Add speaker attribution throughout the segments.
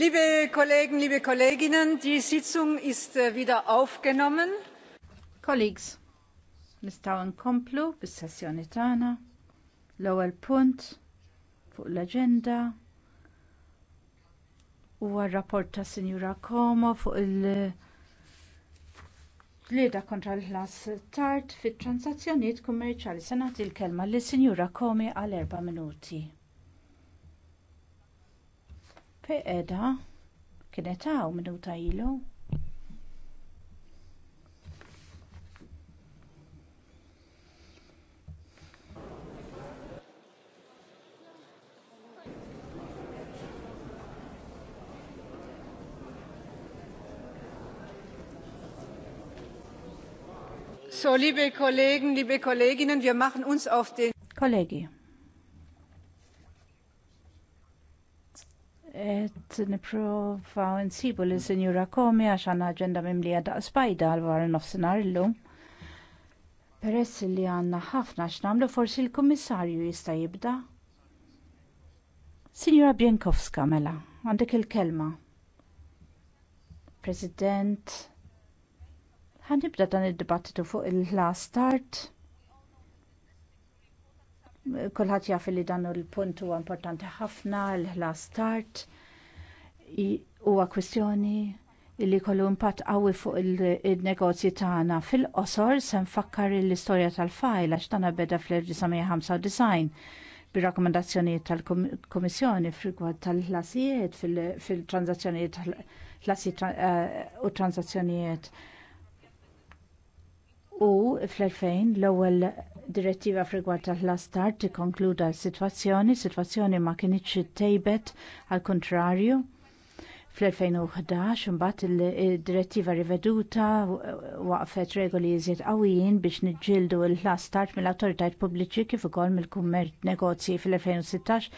Speaker 1: Liebe Kollegen, liebe Kolleginnen, die Sitzung ist äh, wieder aufgenommen. Colleagues, nistaw nkomplu bis-sessjoni tagħna. L-ewwel punt fuq l-aġenda huwa r-rapport ta' Sinjura Komo fuq il- Lieda kontra l-ħlas tard fit-transazzjonijiet kummerċali. se il kelma lis sinjura Komi għal erba' minuti qiegħda kienet hawn minuta ilu. So, liebe Kollegen, liebe Kolleginnen, wir machen uns auf den... Kollegi, Et niprofaw insibu li sinjura Komi għax għanna ġenda mimlija daq spajda għal-war nofsinar l-lum. Peress li għanna ħafna x'namlu forsi l-Kummissarju jista' jibda. Sinjura Bienkowska mela, għandek il-kelma. President, ħanibda dan id-dibattitu fuq il-last start kulħadd jaff li dan il-punt huwa importanti ħafna l-ħlas start huwa kwistjoni li kollu impatt qawwi fuq il-negozji tagħna fil-qosor se nfakkar l-istorja tal-fajl għax tagħna beda fl-1995 bir-rakkomandazzjonijiet tal-Kummissjoni f'rigward tal-ħlasijiet fil-transazzjonijiet ħlasijiet eh, u transazzjonijiet u fl-2000 l-ewwel direttiva frigward tal-lastar tikkonkluda s-sitwazzjoni, sitwazzjoni ma kinitx tejbet għal kontrarju fl-2011 imbagħad id-direttiva riveduta waqfet regoli jizjet għawijin biex niġġieldu l-lastar mill autoritajt pubbliċi kif ukoll mill-kummerċ negozji fil-2016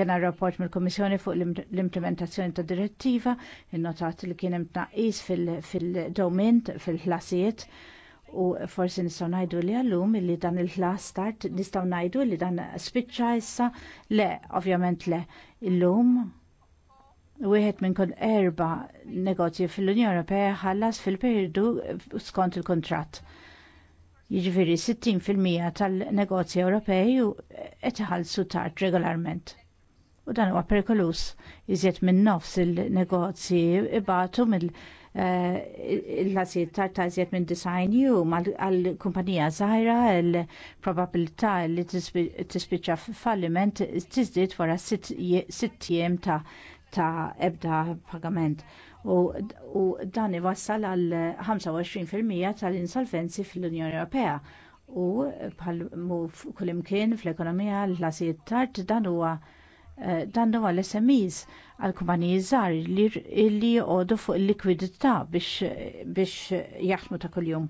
Speaker 1: kena rapport mill kommissjoni fuq l-implementazzjoni ta' direttiva, innotat li kien hemm tnaqqis fil-domin fil-ħlasijiet u forsi nistgħu ngħidu li għallum li dan il-ħlas start nistgħu ngħidu li dan spiċċa issa le ovvjament le illum wieħed minn kun erba negozji fil-Unjoni Ewropea ħallas fil-periodu skont il kuntratt Jiġifieri 60% tal-negozji Ewropej qed iħallsu tard regolarment u dan huwa perikolus iżjed minn nofs il-negozji ibatu mill- Eh, il l-azil tartażiet minn design ju għal-kumpanija zaħira l-probabilità li tispiċċa falliment tiżdied wara sitt jiem ta' ebda pagament u dan iwassal għal 25% tal-insolvenzi fl-Unjoni Ewropea u bħal mu kullimkien fl-ekonomija l-lasijiet tard dan huwa Eh, dannu għal SMEs għal kumpaniji żgħar li jgħodu fuq il-likwidità biex jaħdmu ta' kuljum.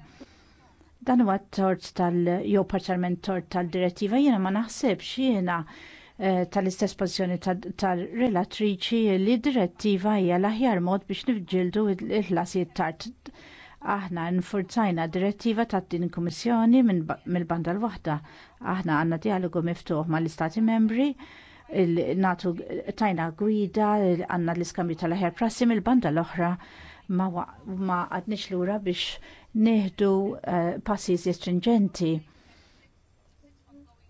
Speaker 1: Dan huwa tort tal jew parzjalment tort tal-direttiva jiena ma naħsibx jiena eh, tal-istess pożizzjoni tal-relatriċi li direttiva hija l-aħjar mod biex nifġildu il-ħlasijiet tard. Aħna nfurzajna direttiva ta' din kummissjoni mill-banda l-waħda. Aħna għandna dialogu miftuħ mal istati membri il-natu tajna gwida, għanna l-iskambju tal-ħer prassim il-banda l-oħra ma għadnix l-ura biex neħdu uh, passi stringenti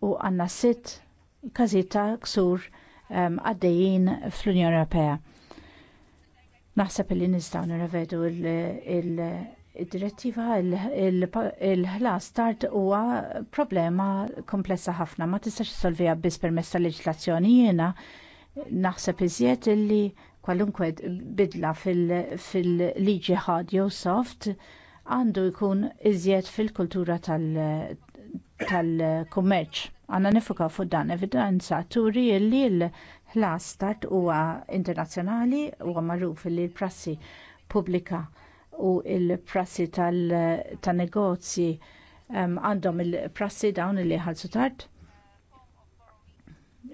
Speaker 1: u għanna sitt kazita ksur ehm, għaddejjin fl-Unjoni Ewropea. Naħseb li nistaw nirrevedu il direttiva il-ħlas tard huwa problema komplessa ħafna ma tistax solvija biss permezz tal-leġislazzjoni jiena naħseb iżjed illi kwalunkwe bidla fil-liġi ħad jew soft għandu jkun iżjed fil-kultura tal-kummerċ. Għanna nifuka fuq dan evidenza turi illi l-ħlas tard huwa internazzjonali huwa magħruf li l-prassi pubblika u l prassi tan negozji għandhom il-prassi dawn li ħalsu tard.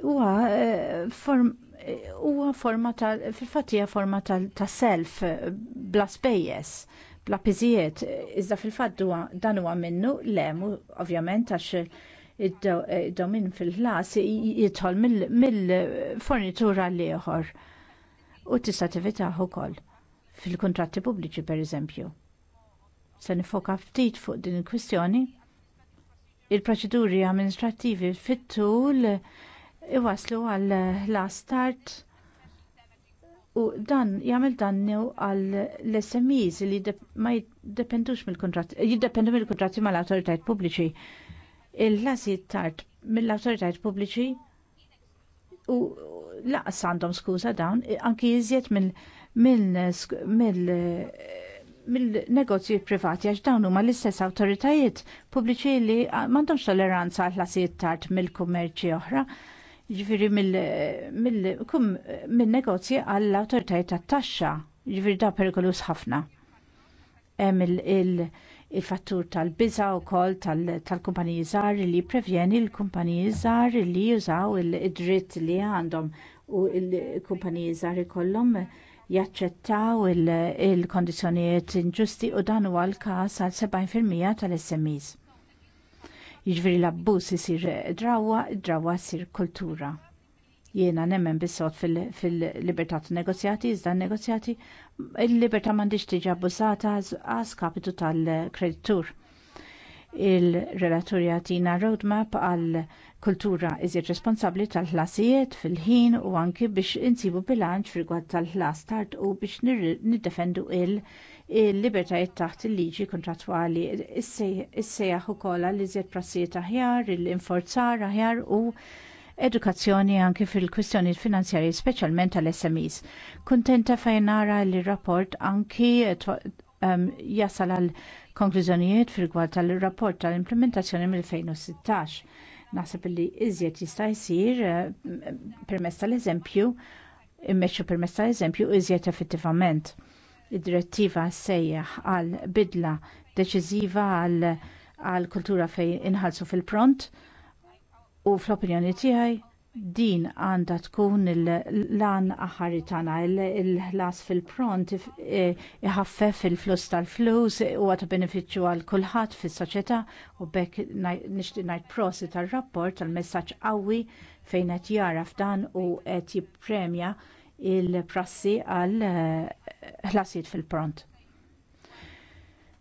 Speaker 1: Huwa e, form huwa e, forma tal fil-fatt hija forma ta' self bla spejjeż bla piżijiet iżda fil-fatt dan huwa minnu lem ovvjament għax id-domin fil-ħlas jidħol mill-fornitura l ieħor u tista' tivitaħ ukoll fil-kontratti pubbliċi pereżempju. Se nifoka ftit fuq din il-kwistjoni. Il-proċeduri amministrattivi fit-tul iwaslu għal last start u dan jagħmel danni għal l-SMEs li ma jiddependux mill-kontratti, jiddependu mill-kontratti mal-awtoritajiet pubbliċi. il lasi tard mill-awtoritajiet pubbliċi u laqas għandhom skuża dawn, anki iżjed mill-negozji privati għax dawn huma l-istess awtoritajiet pubbliċi li m'għandhomx toleranza għal ħlasijiet tard mill-kummerċi oħra ġifiri mill-negozji għall awtoritajiet tat-taxxa, ġifiri da perikolus ħafna. Hemm il-fattur tal-biża wkoll tal-kumpaniji żgħar li prevjeni l-kumpaniji żgħar li jużaw id-dritt li għandhom u l-kumpaniji żgħar ikollhom jaċċettaw il-kondizzjonijiet inġusti u dan huwa l-każ għal 70% tal-SMEs. Jiġifieri l-abbuż isir drawa, drawa ssir kultura. Jiena nemmen bisot fil-libertà fil negozjati, iżda negozjati il-libertà m'għandix tiġi abbużata għas kapitu tal-kreditur. Il-relatur jagħtina roadmap għal kultura iżjed responsabbli tal-ħlasijiet fil-ħin u anki biex insibu bilanċ rigward tal-ħlas tard u biex niddefendu il-libertajiet taħt il-liġi kontrattwali. Is-sejjaħ ukoll għal iżjed prassijiet aħjar, il-inforzar aħjar u edukazzjoni anki fil-kwistjoni finanzjarji speċjalment tal-SMEs. Kuntenta fejnara li rapport anki jasal għal konklużjonijiet fil-gwad tal-rapport tal-implementazzjoni mill-2016 Naħseb li iżjed jista' jsir eh, permess tal-eżempju, immeċċu permezz tal-eżempju iżjed effettivament. Id-direttiva sejjaħ għal bidla deċiżiva għal għal kultura fejn inħalsu fil-pront u fl-opinjoni tiegħi din għandha tkun l-lan aħari tagħna il-ħlas fil-pront e, iħaffef il-flus tal-flus huwa ta' benefiċċju għal kulħadd fis-soċjetà u bekk nixtieq ngħid prosi tar-rapport tal-messaġġ qawwi fejn qed jara f'dan u qed jippremja il-prassi għal e, ħlasiet fil-pront.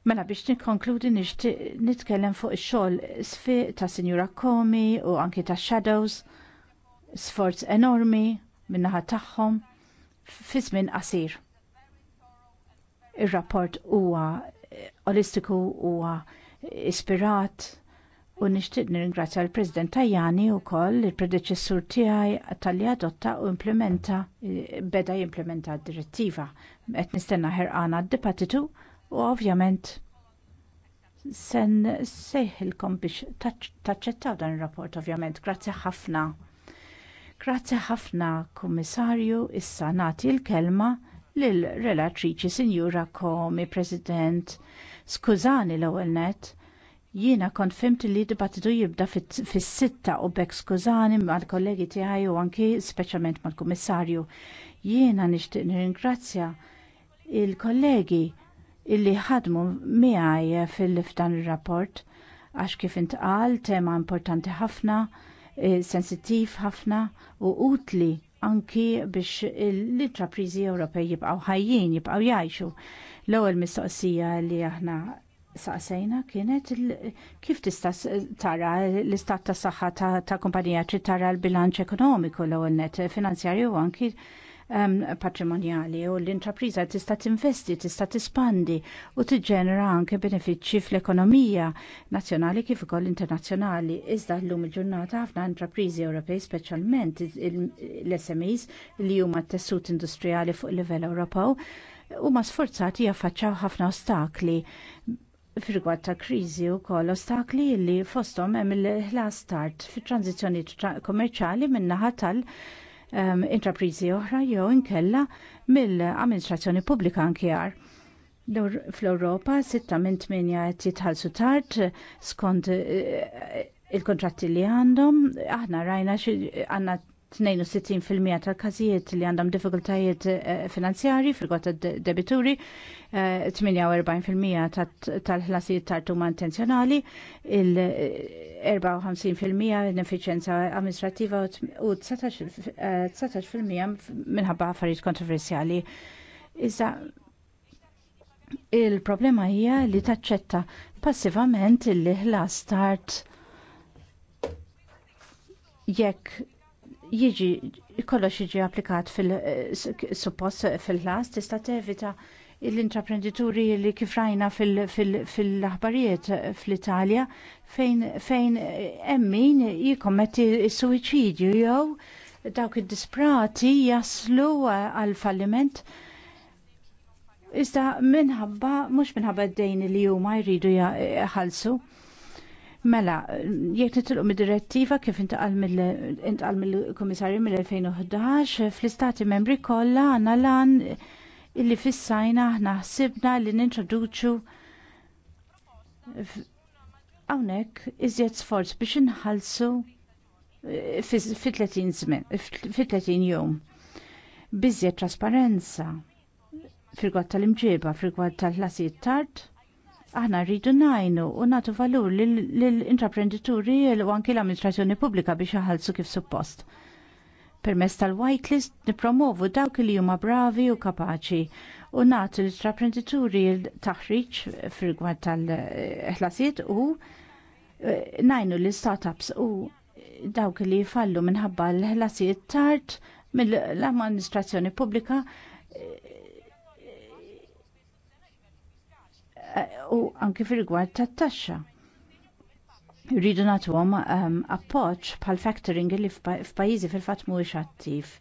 Speaker 1: Mela biex nikkonkludi nixtieq nitkellem fuq ix-xogħol sfiq ta' Sinjura Komi u anki ta' Shadows sforz enormi min-naħa tagħhom fi żmien qasir. Ir-rapport huwa eh, olistiku huwa ispirat u nixtieq nirringrazzja l-President Tajani wkoll il-predeċessur tiegħi tal-li adotta u implementa eh, beda jimplementa d-direttiva. Qed nistenna ħerqana d-dibattitu u ovvjament sen sejħilkom biex taċċettaw dan ir-rapport ovvjament. Grazzi ħafna. Grazzi ħafna, Kummissarju, issa nagħti l-kelma lill relatriċi Sinjura Komi, President. Skużani l-ewwel net, jiena kont fimt li dibattitu jibda fis-sitta u bekk skużani mal-kollegi tiegħi u anki speċjalment mal-kummissarju. Jiena nixtieq nirringrazzja il-kollegi illi ħadmu miegħi fil liftan ir-rapport għax kif intqal tema importanti ħafna Eh, sensittiv ħafna u utli anki biex l-intraprizi Ewropej jibqgħu ħajjin, jibqgħu jgħixu. L-ewwel mistoqsija li aħna saqsejna kienet kif tista' tara l-istat ta' saħħa ta' kumpanija trid tara l-bilanċ ekonomiku l-ewwel net finanzjarju anki patrimonjali u l-intrapriża tista' tinvesti, tista' tispandi u tiġġenera anke benefiċċji fl-ekonomija nazzjonali kif ukoll internazzjonali. Iżda llum il-ġurnata ħafna intrapriżi Ewropej speċjalment l-SMEs li huma t-tessut industrijali fuq livell Ewropew huma sforzati jaffaċċaw ħafna ostakli Firgwad ta' kriżi wkoll ostakli li fosthom hemm il-ħlas start fit-tranzizzjoni kommerċjali min-naħa tal- um, intraprizi oħra jew inkella mill-amministrazzjoni pubblika ankjar. Fl-Europa, sitta minn tminja qed jitħallsu tard skont eh, il-kontratti li għandhom, aħna rajna xi għandna 62% tal-każijiet li għandhom diffikultajiet eh, finanzjari fil-gota debituri, 48% eh, tal-ħlasijiet tartuma intenzjonali, il-54% eh, inefficienza amministrativa u 19% minħabba affarijiet kontroversjali. Iżda il-problema hija li taċċetta passivament il-ħlas tart jekk jiġi kollox jiġi applikat fil-suppost eh, fil-ħlas tista' tevita l-intraprenditori li kif rajna fil-aħbarijiet fl-Italja fejn hemm min jikkommetti s-suwiċidju jew dawk id-disprati jaslu għal falliment. Iżda minħabba, mhux minħabba d-dejn li huma jridu jħallsu. Ja, Mela, jek nitilqu mid-direttiva kif intqal mill-Komissarju mill-2011 fl-Istati membri kollha għandna lan illi fissajna aħna ħsibna li nintroduċu hawnhekk iżjed sforz biex inħallsu eh, fi 30 jum. Biżjed trasparenza fil-gwad tal-imġiba, fil-gwad tal-lasijiet tard, aħna rridu najnu u natu valur l-intraprendituri u anki l-amministrazzjoni pubblika biex jaħalsu kif suppost. Permess tal-whitelist nipromovu dawk li huma bravi u kapaċi u natu l-intraprendituri l-taħriċ fil-gwad tal-ħlasiet u eh, najnu l-startups u dawk li jifallu minħabba l-ħlasijiet tard mill-amministrazzjoni pubblika eh, Eh, u anki fil-rigward tat-taxxa. Rridu nagħtuhom ehm, appoġġ bħal factoring li f'pajjiżi fil-fatt mhuwiex attiv.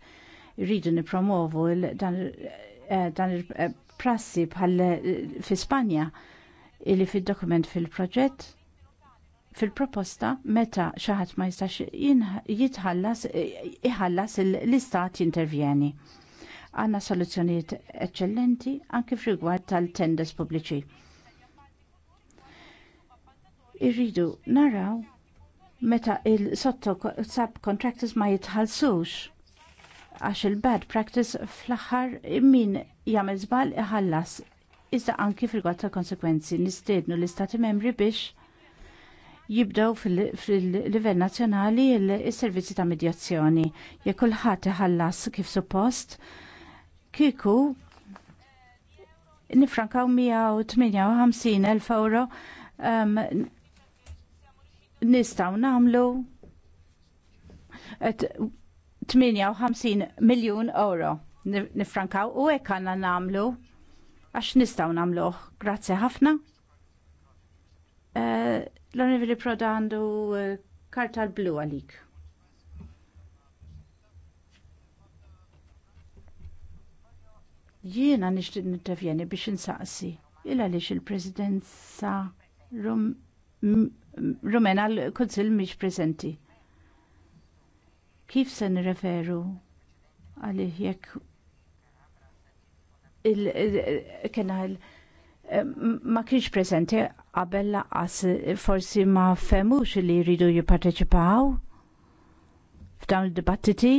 Speaker 1: Rridu nippromovu dan, eh, dan il-prassi eh, bħal fi Spanja li fid-dokument fil-proġett fil-proposta meta xi ħadd ma jistax jitħallas iħallas l-istat jintervjeni. Għandna soluzzjonijiet eċċellenti anke f'rigward tal-tenders pubbliċi irridu naraw meta il subcontractors ma jitħallsux għax il-bad practice fl-aħħar min jagħmel żball iħallas iżda anki fil-gwatt ta' konsekwenzi nistiednu l-istati membri biex jibdew fil-livell nazzjonali il-servizzi ta' medjazzjoni jekk kulħadd iħallas kif suppost kieku nifrankaw 158 euro um, nistaw namlu 58 miljon euro nifrankaw u hekk għanna namlu għax nistaw namlu Grazzi ħafna. Uh, eh, L-Onivri Proda għandu eh, karta l-blu għalik. Jiena nixtieq nintervjeni biex insaqsi il għalix il-Presidenza Rum rumena l-Kunsill mhix prezenti. Kif se nirreferu għalih jekk kena ma kienx prezenti qabel laqas forsi ma femux li jridu jipparteċipaw f'dawn id-dibattiti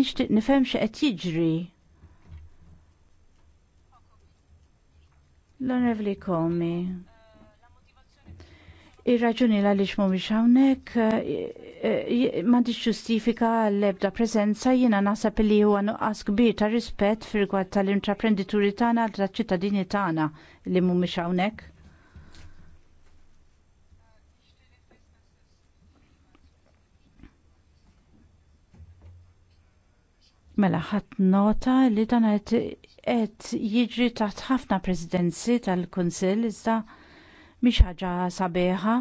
Speaker 1: nixtieq nifhem x'qed jiġri. L-Onorevoli Komi, Ir-raġuni l għaliex mhumiex hawnhekk eh, eh, eh, ma ġustifika l-ebda preżenza jiena naħseb li huwa nuqqas kbir ta' rispett firgwad tal-intraprendituri tagħna għal ċittadini tagħna li mhumiex hawnhekk. Mela ħadd nota li dan qed jiġri taħt ħafna presidenzi tal-Kunsill iżda mhix ħaġa sabiħa.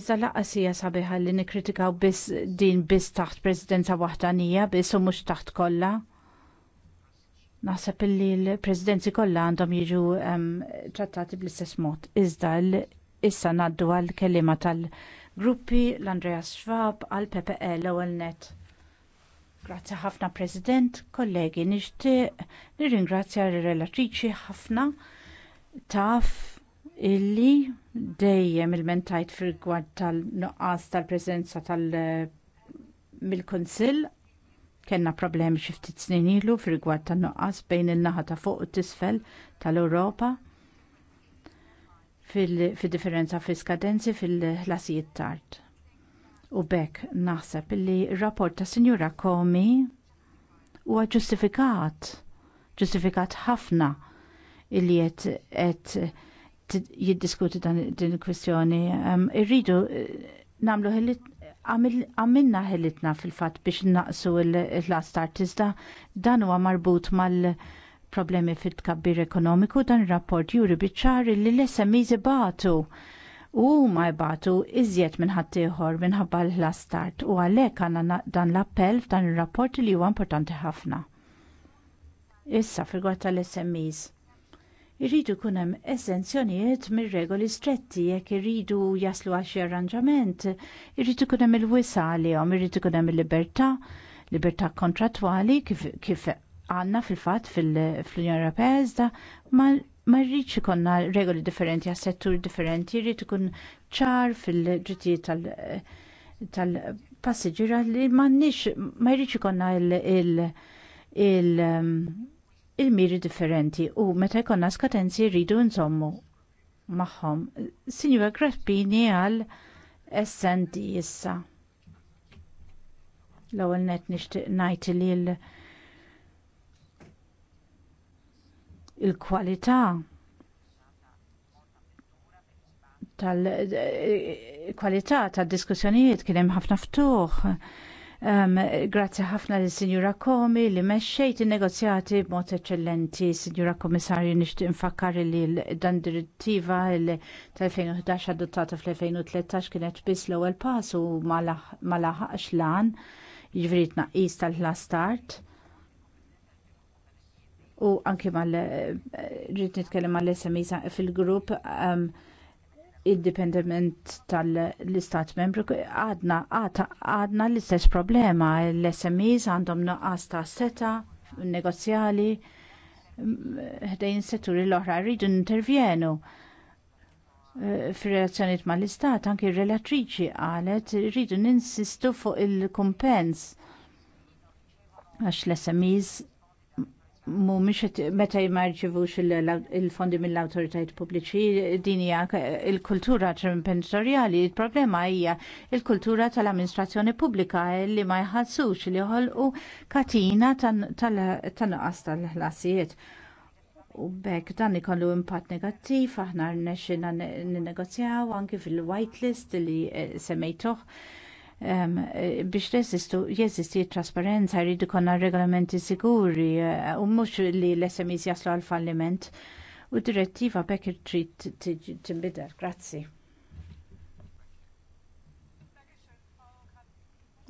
Speaker 1: Iżda laqas hija sabiħa li nikkritikaw biss din biss taħt presidenza waħdanija biss u mhux taħt kollha. Naħseb illi l-presidenzi kollha għandhom jiġu trattati bl-istess mod. Iżda issa ngħaddu għal kelliema tal-gruppi l-Andreas Schwab għal PPE l-ewwel net. Grazzi ħafna President, kollegi, nixtieq nirringrazzja r-relatriċi ħafna taf illi dejjem il-mentajt fil-gwad tal-nuqqas tal-prezenza tal-mill-Kunsill eh, kellna problemi xi ftit snin ilu fil-gwad tan-nuqqas bejn in-naħa ta' fuq u t-tisfel tal-Ewropa fil-differenza fil-skadenzi fil-ħlasijiet tard. U bekk naħseb li r-rapport ta' Sinjura Komi huwa ġustifikat, ġustifikat ħafna illi qed jiddiskuti din il-kwistjoni. Irridu eh, nagħmlu għamilna ħilitna fil-fatt biex naqsu l-lastar da dan huwa marbut mal- problemi fit-tkabbir ekonomiku dan rapport juri biċċar li l smi ibatu u ma jibatu iżjed minn ħaddieħor minħabba l-ħlas art u għalhekk għandna dan l-appell f'dan ir-rapport li huwa importanti ħafna. Issa fil għata tal-SMEs. Irridu kunem hemm mir-regoli stretti jekk irridu jaslu għal xi arranġament, irridu kunem hemm il-wisa għalihom, irridu jkun hemm il-libertà, libertà kontrattwali kif, kif għandna fil-fatt fil-Unjoni Ewropea iżda ma rridx ikonna regoli differenti għas settur differenti, jrid ikun ċar fil-ġittijiet tal-passiġġiera tal li m'għandniex ma rridx ikonna il-, il, il il-miri differenti u meta jkollna skatenzi rridu nżommu magħhom. Sinjura Grappini għal SND issa. L-ewwel net nixtieq ngħid li l il-kwalità tal-kwalità tad-diskussjonijiet kien hemm ħafna ftuħ Um, Grazzi ħafna li Sinjura Komi li meċċejt il-negozjati b'mod eċċellenti. Sinjura Komissarju nixtieq infakkar li dan direttiva tal-2011 adottata fl-2013 kienet biss l-ewwel pass u ma laħax lan jiġri tnaqqis tal-ħlas start. U anki mal eh, rrid nitkellem mal-SMI fil-grupp um, indipendent tal-istat membru għadna l-istess problema l-SMEs għandhom nuqqas ta' seta negozjali ħdejn setturi l-oħra rridu intervjenu fir-relazzjoniet mal-istat anki r-relatriċi qalet rridu ninsistu fuq il-kumpens għax l-SMEs mumiex meta jmarġivux il-fondi mill-autoritajt pubbliċi dinja il-kultura ċempensoriali. Il-problema hija il-kultura tal-amministrazzjoni pubblika li ma jħassux li u katina tal nuqqas tal-ħlasijiet. U bekk dan ikollu impatt negattiv, aħna rnexxina negozjaw anki fil-whitelist li eh, semejtuħ um, biex resistu jesisti trasparenza jridu konna regolamenti siguri eh, u um, mhux li l-SMEs jaslu għal falliment u direttiva bekk trid tinbidel. Grazzi.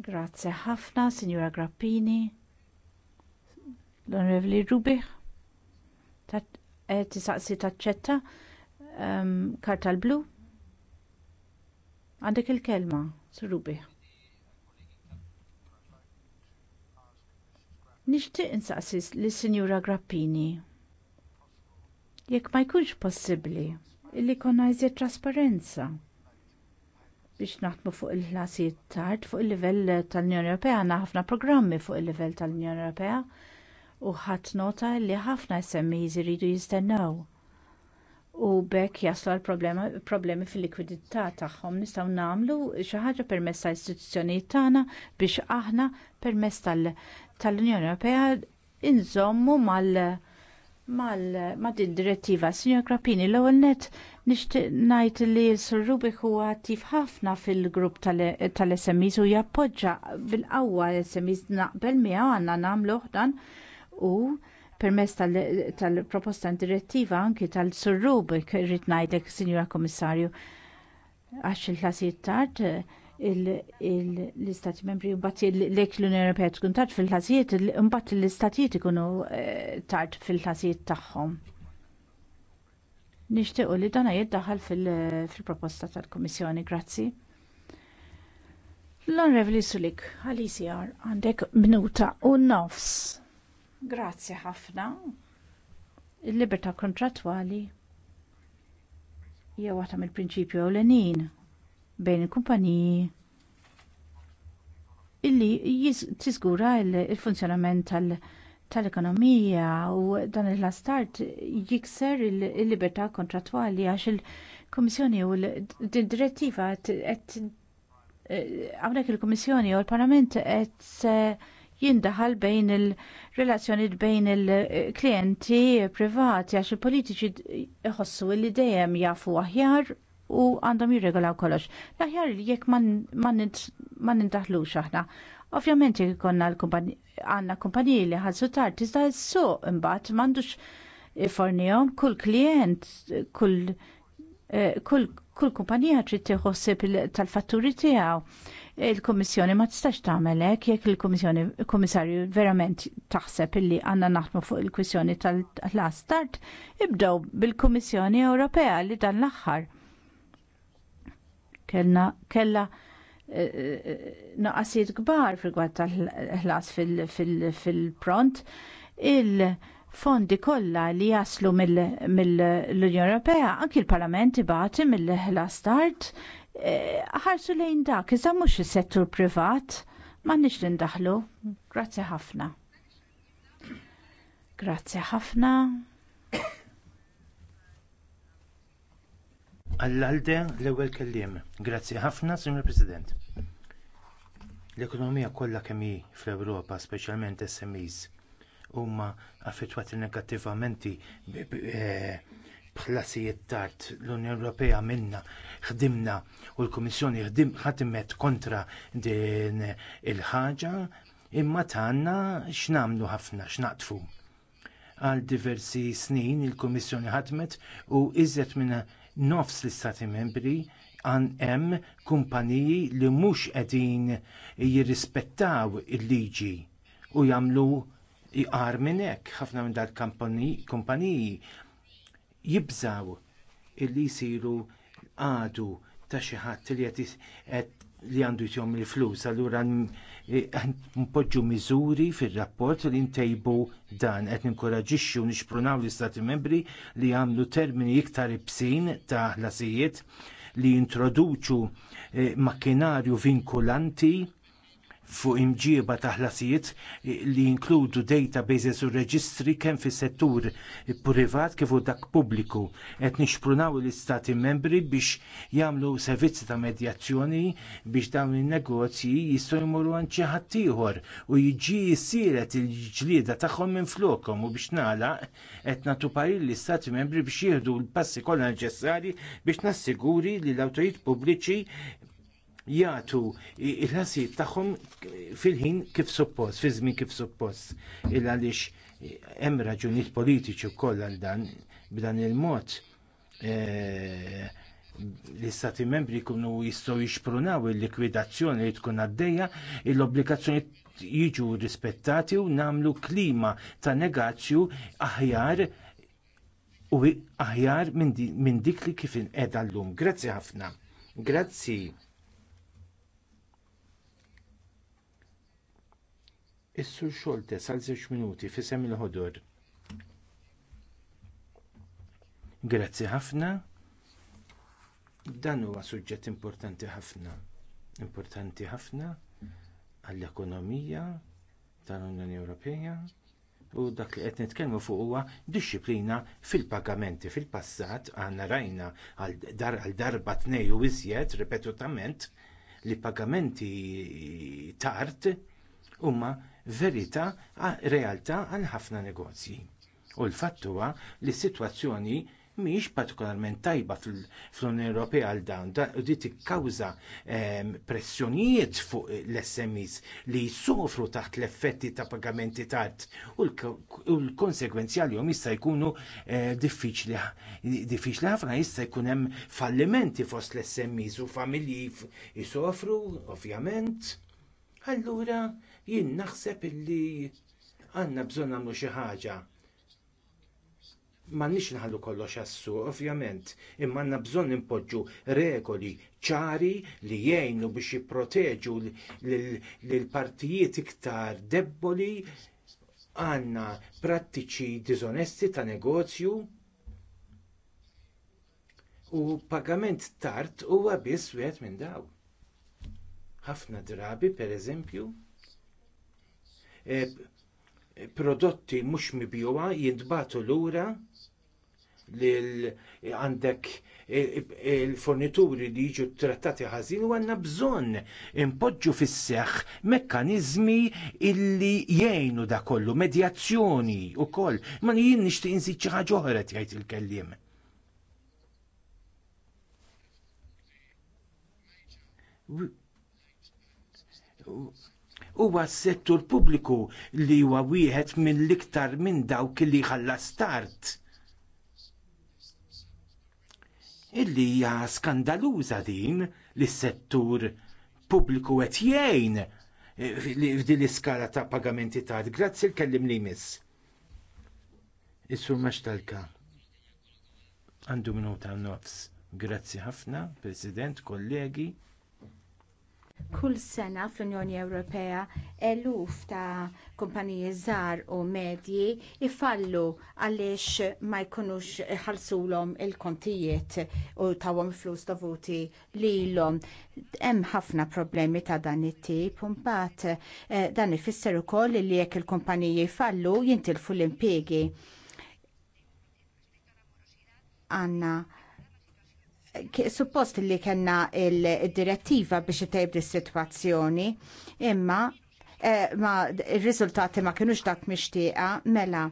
Speaker 1: Grazzi ħafna, Signora Grappini. L-Onorevoli Rubich. Eh, Tisaqsi taċċetta. kartal blu Għandek il-kelma, Rubich. Nixtieq insaqsis lis sinjura Grappini. Jekk ma jkunx possibbli illi jkollna iżjed trasparenza biex naħdmu fuq il-ħlasijiet tard fuq il-livell tal-Unjoni Ewropea għandna ħafna programmi fuq il-livell tal-Unjoni Ewropea u ħadd nota li ħafna SMEs iridu jistennew u bekk jaslu għal problemi fil-likwidità tagħhom nistgħu nagħmlu xi ħaġa permezz tal istituzzjonijiet tagħna biex aħna permezz tal-Unjoni Ewropea inżommu mal mal ma din direttiva. Signor Krapini, l-ewwel net nixtieq ngħid li Sir Rubik huwa attiv ħafna fil-grupp tal-SMEs u jappoġġa bil-qawwa l-SMEs naqbel miegħu għandna nagħmlu dan u permess tal-proposta tal direttiva anki tal Rubik irrit ngħidlek, Sinjura Komissarju, għax il-ħasijiet tard l-istati membri l-ek l-Unjoni Ewropea tkun tard fil-ħasijiet mbagħad l-istatijiet ikunu eh, tard fil-ħasijiet tagħhom. Nixtiequ li dan jiddaħħal fil-proposta tal-Kummissjoni, grazzi. L-Onrevli Sulik, għal-ICR, għandek minuta u nofs. Grazzi ħafna. Il-libertà kontrattwali jew għatam il prinċipju ewlenin bejn il-kumpaniji illi tiżgura il-funzjonament tal-ekonomija u dan il-lastart jikser il-libertà kontrattwali għax il-Komissjoni u l-direttiva eh, għamlek il-Komissjoni u l-Parlament qed jindaħal bejn il-relazzjoni bejn il-klienti privati għax il-politiċi jħossu li dejjem jafu aħjar u għandhom jirregolaw kollox. L-aħjar jekk ma nintaħlu aħna. Ovvjament jekk konna għandna kumpaniji li ħalsu tard, iżda s-suq imbagħad m'għandux ifornihom kull klient, kull eh, kull kull kumpanija trid tieħossib tal-fatturi tiegħu. Il-Kummissjoni ma tistax tagħmel hekk jekk il-Kummissjoni kummissarju verament taħseb illi għandna naħdmu fuq il-kwissjoni tal-last start, ibdew bil-Kummissjoni Ewropea li dan l-aħħar kellna kella eh, eh, naqasiet kbar fil-gwad tal-ħlas fil-pront il-fondi kollha li jaslu mill-Unjoni Ewropea anki l-Parlament ibati mill-ħlas tard eh, ħarsu lejn dak iżda mhux is-settur privat m'għandniex li ndaħlu. Grazzi ħafna. Grazzi ħafna.
Speaker 2: Għall-għalde l-ewwel kelliem. Grazzi ħafna, Signor President. L-ekonomija kollha kemm hi fl-Ewropa, speċjalment SMEs, huma affettwati negattivamenti b'ħlasijiet eh, tard l-Unjoni Ewropea minna ħdimna u l-Kummissjoni ħatimet kontra din il-ħaġa imma tagħna x'namlu ħafna x'naqtfu. Għal diversi snin il-Kummissjoni ħadmet u iżet minn nofs l-istati membri għan hemm kumpaniji li mhux qegħdin jirrispettaw il-liġi u jagħmlu iqar minn hekk ħafna minn dal-kumpaniji jibżaw illi jsiru għadu ta' xi ħadd li li għandu jtjom il-flus allura Eh, npoġġu miżuri fir-rapport li ntejbu dan qed ninkoraġixxu nixprunaw l-Istati membri li jagħmlu termini iktar ibsin ta' ħlasijiet li jintroduċu eh, makkinarju vinkulanti fuq imġiba ta' ħlasijiet li jinkludu databases u reġistri kemm fis-settur privat kif u dak pubbliku qed nixprunaw l-istati membri biex jagħmlu servizzi ta' medjazzjoni biex dawn in-negozji jistgħu jmorru għand xi ħadd ieħor u jiġi jsiret il-ġlieda tagħhom minn flokhom u biex nagħlaq qed nagħtu parir l-istati membri biex jieħdu l-passi kollha neċessarji biex nassiguri li l-awtoritajiet pubbliċi jagħtu il-ħassib tagħhom fil-ħin kif suppost, fi żmien kif suppost. Il għaliex eh, hemm raġunijiet politiċi wkoll għal dan b'dan il-mod eh, l-istati membri jkunu jistgħu jixprunaw il-likwidazzjoni li tkun għaddejja, l-obbligazzjoni jiġu rispettati u nagħmlu klima ta' negazju aħjar u aħjar minn dik li kif inqeda llum. Grazzi ħafna. Grazzi. Is-sur Xolte sal żewġ minuti fisem il-ħodur. Grazzi ħafna. Dan huwa suġġett importanti ħafna. Importanti ħafna għall-ekonomija tal-Unjoni Ewropea u dak li qed nitkellmu fuq huwa dixxilpina fil-pagamenti. Fil-passat għandna rajna għal -dar darba tnej u iżjed ripetutament li pagamenti tard huma verità realtà għal ħafna negozji. U l-fatt huwa li s-sitwazzjoni mhix partikolarment tajba fl-Unjoni Ewropea għal dawn u di tikkawża ehm, pressjonijiet fuq l-SMEs li jsofru taħt l-effetti ta' pagamenti tard u l-konsegwenzjali jom jista' jkunu eh, diffiċli ħafna jista' jkun hemm fallimenti fost l-SMEs u familji jsofru ovvjament. Allura jien naħseb illi għandna bżonn nagħmlu xi ħaġa. M'għandniex nħallu kollox assu, ovvjament, imma għandna bżonn impoġġu regoli ċari li jgħinu biex jipproteġu lill partijiet iktar debboli għandna prattiċi diżonesti ta' negozju u pagament tard huwa biss wieħed minn daw. ħafna drabi pereżempju E, prodotti mhux mibjuwa jintbatu lura lil għandek e, e, il-fornituri li jiġu trattati ħażin u għandna bżonn impoġġu fis seħħ mekkaniżmi illi jgħinu da kollu, medjazzjoni wkoll. Ma jien nixtieq inżid xi ħaġa oħra jgħid il-kelliem huwa s-settur pubbliku li huwa wieħed mill-iktar minn dawk li ħalla start. Illi hija skandaluża din li s-settur pubbliku qed jgħin eh, f'din l-iskala ta' pagamenti tard. Grazzi l-kellim li jmiss. Is-sur maċtalka. Għandu minuta nofs. Grazzi ħafna, President, kollegi.
Speaker 3: Kull sena fl-Unjoni Ewropea eluf ta' kumpaniji żgħar u medji ifallu għaliex ma jkunux ħalsulhom il-kontijiet u tawhom flus dovuti lilhom. Hemm ħafna problemi ta' dan it-tip u mbagħad eh, dan ifisser ukoll li jekk il-kumpaniji jfallu jintilfu l-impjiegi Anna suppost li kellna il-direttiva biex tejbdi is-sitwazzjoni, imma eh, ma il-riżultati ma kienux dak mixtieqa mela.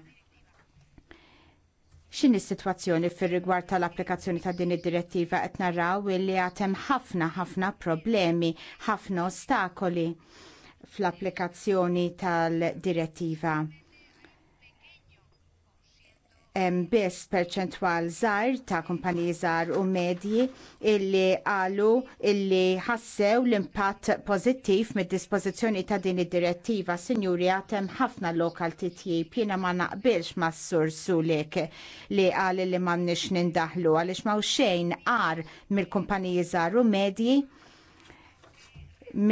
Speaker 3: X'in is-sitwazzjoni fir-rigward tal-applikazzjoni ta' din id-direttiva qed narraw li għatem ħafna ħafna problemi, ħafna ostakoli fl-applikazzjoni tal-direttiva hemm biss perċentwal żgħar ta' kumpaniji żgħar u medji illi qalu illi ħassew l-impatt pożittiv mid-dispożizzjoni ta' din id-direttiva sinjuri għatem ħafna lokal titjib jiena ma naqbilx ma' s-sursu lek li għal li m'għandniex nindaħlu għaliex ma' xejn għar mill-kumpaniji żgħar u medji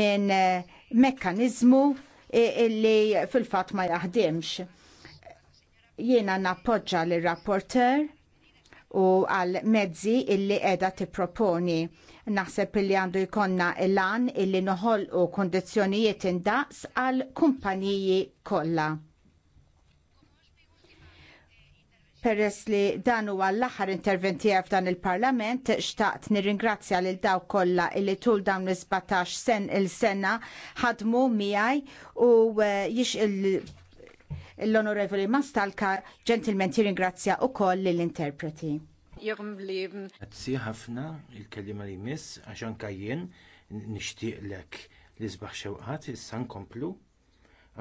Speaker 3: minn mekkaniżmu illi fil-fatt ma jaħdimx Jiena nappoġġa l rapporter u għal mezzi illi edha tipproponi. Naħseb illi għandu jkonna il-lan illi noħol u kondizjonijiet indaqs għal kumpaniji kollha. Peress li dan huwa l-aħħar interventi f'dan il-Parlament, xtaqt nirringrazzja lil daw kollha illi tul dawn l-17 sen il-sena ħadmu miegħi u eh, jix il L-Onorevoli Mastalka ġentilment ringrazzja u koll l-interpreti.
Speaker 1: Grazzi
Speaker 2: ħafna il kellima li jmiss, għaxan kajjen nishtiq lek li sbaħ xewqat issa nkomplu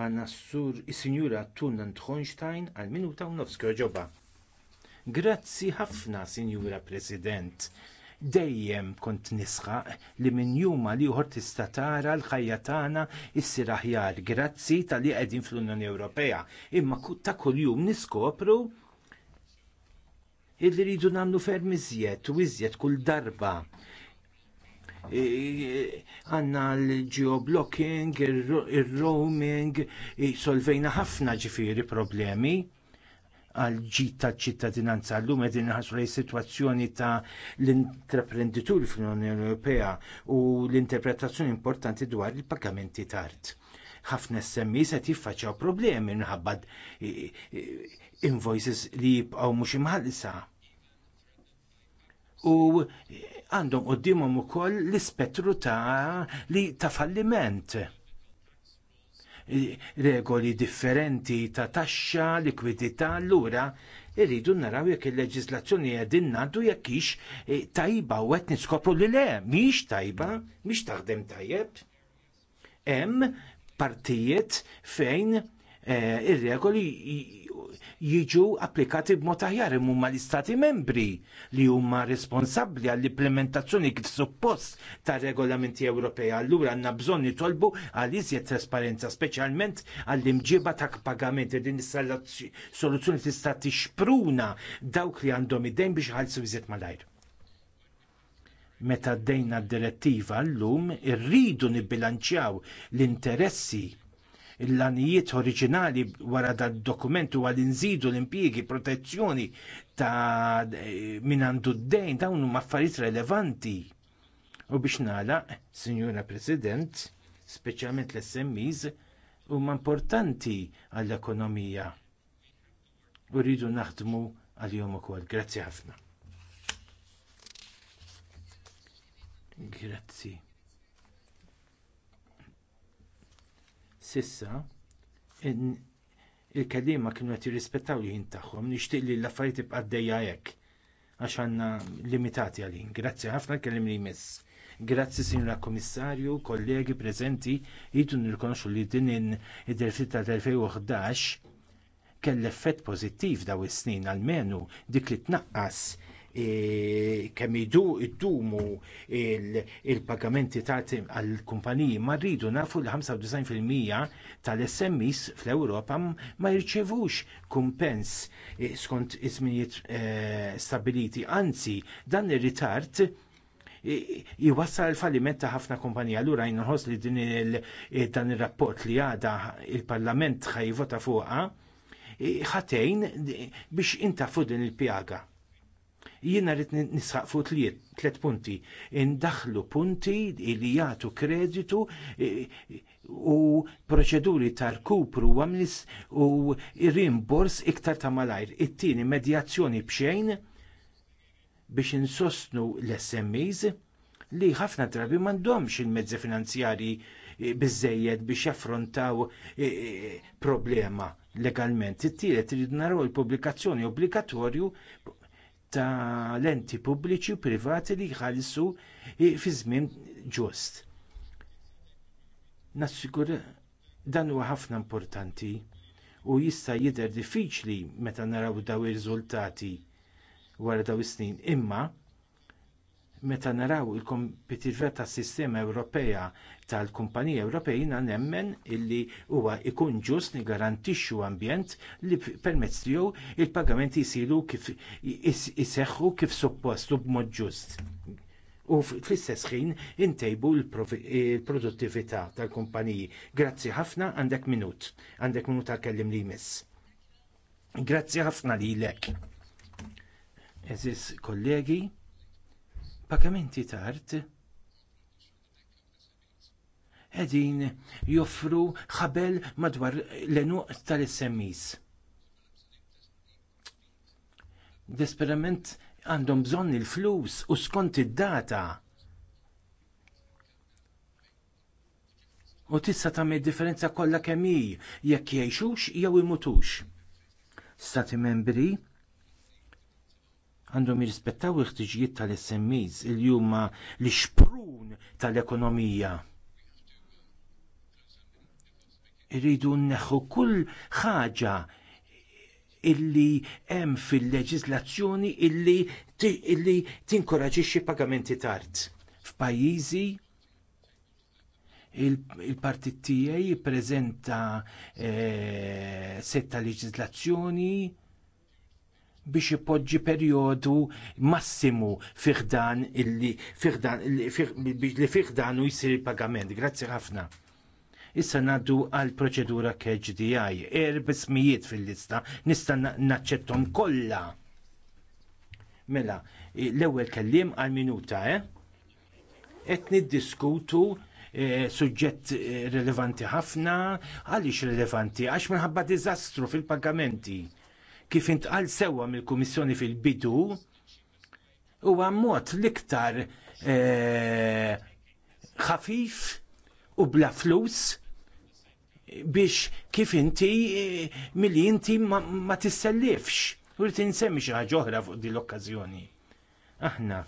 Speaker 2: għanna s-sur is-sinjura Tunan Tronstein għal minuta u nofs Grazzi ħafna, Sinjura President dejjem kont nisħaq li minn juma li uħor tista' tara l-ħajja tagħna issir aħjar grazzi tal-li qegħdin fl-Unjoni Ewropea. Imma ta' kuljum niskopru illi rridu nagħmlu ferm iżjed u iżjed kull darba għanna l-geoblocking, il-roaming, solvejna ħafna ġifiri problemi għal ġid taċ ċittadinanza llum qegħdin inħassu lejn sitwazzjoni ta' l-intreprenditur fl-Unjoni Ewropea u l-interpretazzjoni importanti dwar il-pagamenti tard. Ħafna SMI se jiffaċċjaw problemi minħabba invoices li jibqgħu mhux imħallisa. U għandhom qudiemhom ukoll l-ispettru ta' li ta' falliment regoli differenti ta' taxxa, likwidità, allura irridu naraw jekk il-leġislazzjoni qegħdin ngħaddu jekk hix e, tajba u qed niskopru li le mhix tajba, mhix taħdem tajjeb. Hemm partijiet fejn Eh, ir-regoli jiġu applikati b'mod aħjar huma l-istati membri li huma responsabbli għall-implementazzjoni kif suppost tar regolamenti Ewropej. Allura għandna bżonn nitolbu għal iżjed trasparenza, speċjalment għall-imġiba ta' pagament din is soluzzjoni tista' tixpruna dawk li għandhom id-dejn biex ħalsu iżjed malajr. Meta d-dejna d-direttiva llum irridu nibbilanċjaw l-interessi l-anijiet oriġinali wara dal dokument huwa li l-impjiegi protezzjoni ta' min għandu d-dejn dawn huma affarijiet relevanti. U biex nagħlaq, Sinjura President, speċjalment l-SMEs, huma importanti għall-ekonomija. U rridu naħdmu għal-jom ukoll. Grazzi ħafna. Grazzi. sissa il-kelliema kienu qed jirrispettaw li tagħhom nixtieq li l-affarijiet tibqa' għaddejja hekk għax għandna limitati għalin. Grazzi ħafna kellim li jmiss. Grazzi Sinjura Komissarju, kollegi preżenti, jidu nirkonoxu li din id-derfit tal-2011 kell effett pożittiv daw is-snin għalmenu dik li tnaqqas E, kemm idu iddumu il-pagamenti tagħti għall-kumpaniji ma rridu nafu l-95% tal sms fl-Ewropa ma jirċevux kumpens e, skont iżminijiet e, stabiliti. Anzi, dan ir-ritard jwassal l-falliment ta' ħafna kumpanija. Allura jnħos li din dan ir-rapport li għada il-Parlament ħajvota fuqha ħatejn biex intafu din il-pjaga. Jiena rrid nisħaq fuq tliet punti. Indaħlu punti li jagħtu kreditu e, u proċeduri ta' rkupru u għamlis u rimbors iktar ta' malajr. It-tieni medjazzjoni bxejn biex insostnu l-SMEs li ħafna drabi m'għandhomx il-mezzi finanzjarji e, biżżejjed biex jaffrontaw e, problema legalment. It-tielet irid naraw il-pubblikazzjoni obbligatorju ta' lenti pubbliċi u privati li jħallsu fi żmien ġust. Nassigur dan huwa ħafna importanti u jista' jidher diffiċli meta naraw daw ir-riżultati wara daw is-snin imma meta naraw il-kompetitività tas-sistema Ewropea tal-kumpaniji Ewropej jiena nemmen illi huwa jkun ġust nigarantixxu ambjent li permezz tiegħu il-pagamenti jsiru kif iseħħu kif suppostu b'mod ġust. U fl-istess ħin intejbu l-produttività tal-kumpaniji. Grazzi ħafna għandek minut. Għandek minut għal li jmiss. Grazzi ħafna lilek. Eżis kollegi pagamenti tard qegħdin joffru ħabel madwar l-enuq tal-SMEs. Desperament għandhom bżonn il-flus u skont id-data. U tista' tagħmel differenza kollha kemm hi jekk jgħixux jew imutux. Stati membri għandhom jirrispettaw il-ħtiġijiet tal-SMEs li huma l-xprun tal-ekonomija. Irridu neħu kull ħaġa illi hemm fil-leġislazzjoni illi, illi tinkoraġixxi pagamenti tard. F'pajjiżi il-partit tiegħi jippreżenta eh, setta leġislazzjoni biex ipoġġi perjodu massimu fiħdan illi fiħdan li fiħdan u jsir il-pagament. Grazzi ħafna. Issa naddu għal proċedura KHDI. Erb smijiet fil-lista nista' naċċettom kollha. Mela, l-ewwel kelliem għal minuta, eh? Qed niddiskutu eh, suġġett eh, rilevanti ħafna, għaliex rilevanti, għax minħabba diżastru fil-pagamenti kif intqal sewwa mill-Kummissjoni fil-bidu huwa mod l-iktar eh, ħafif u bla flus biex kif inti eh, milli inti ma, tissellifx. U li insemmi xi ħaġa oħra fuq din l-okkażjoni. Aħna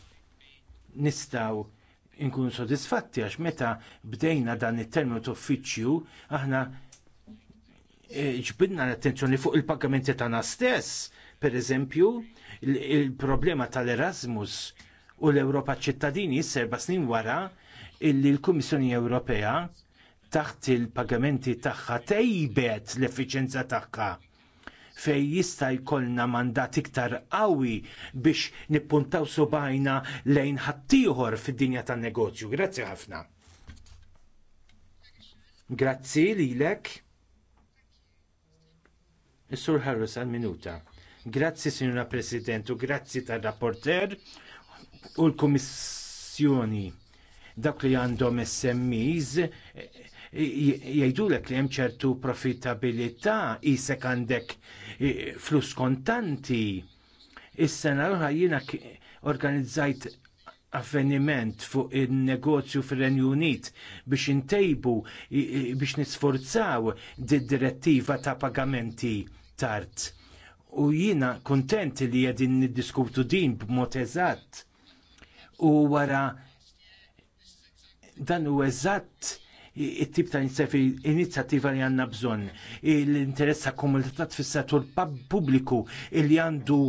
Speaker 2: nistgħu nkunu sodisfatti għax meta bdejna dan it-terminu ta' uffiċċju aħna Eh, ġbidna l-attenzjoni fuq il-pagamenti tagħna stess, per eżempju, il-problema tal-Erasmus u l-Ewropa ċittadini serba snin wara illi l-Kummissjoni Ewropea taħt il-pagamenti tagħha tejbet l-effiċenza tagħha fej jista' jkollna mandat iktar qawwi biex nippuntaw subajna lejn ħaddieħor fid-dinja tan-negozju. Grazzi ħafna. Grazzi lilek. Is-Sur Harris għal minuta. Grazzi, Signora President, u grazzi tal-rapporter u l-Kummissjoni dak li għandhom SMEs e, e, jgħidulek li hemm ċertu profitabilità isek għandek e, flus kontanti. Is-sena l-oħra jiena organizzajt avveniment fuq in negozju fir-Renju Unit biex intejbu biex nisforzaw di direttiva ta' pagamenti tard. U jiena kontent li qegħdin niddiskutu din b'mod eżatt. U wara dan u eżatt it-tip ta' inizjattiva li għanna bżon, l-interess ta' komunitat fis-settur pubbliku li għandu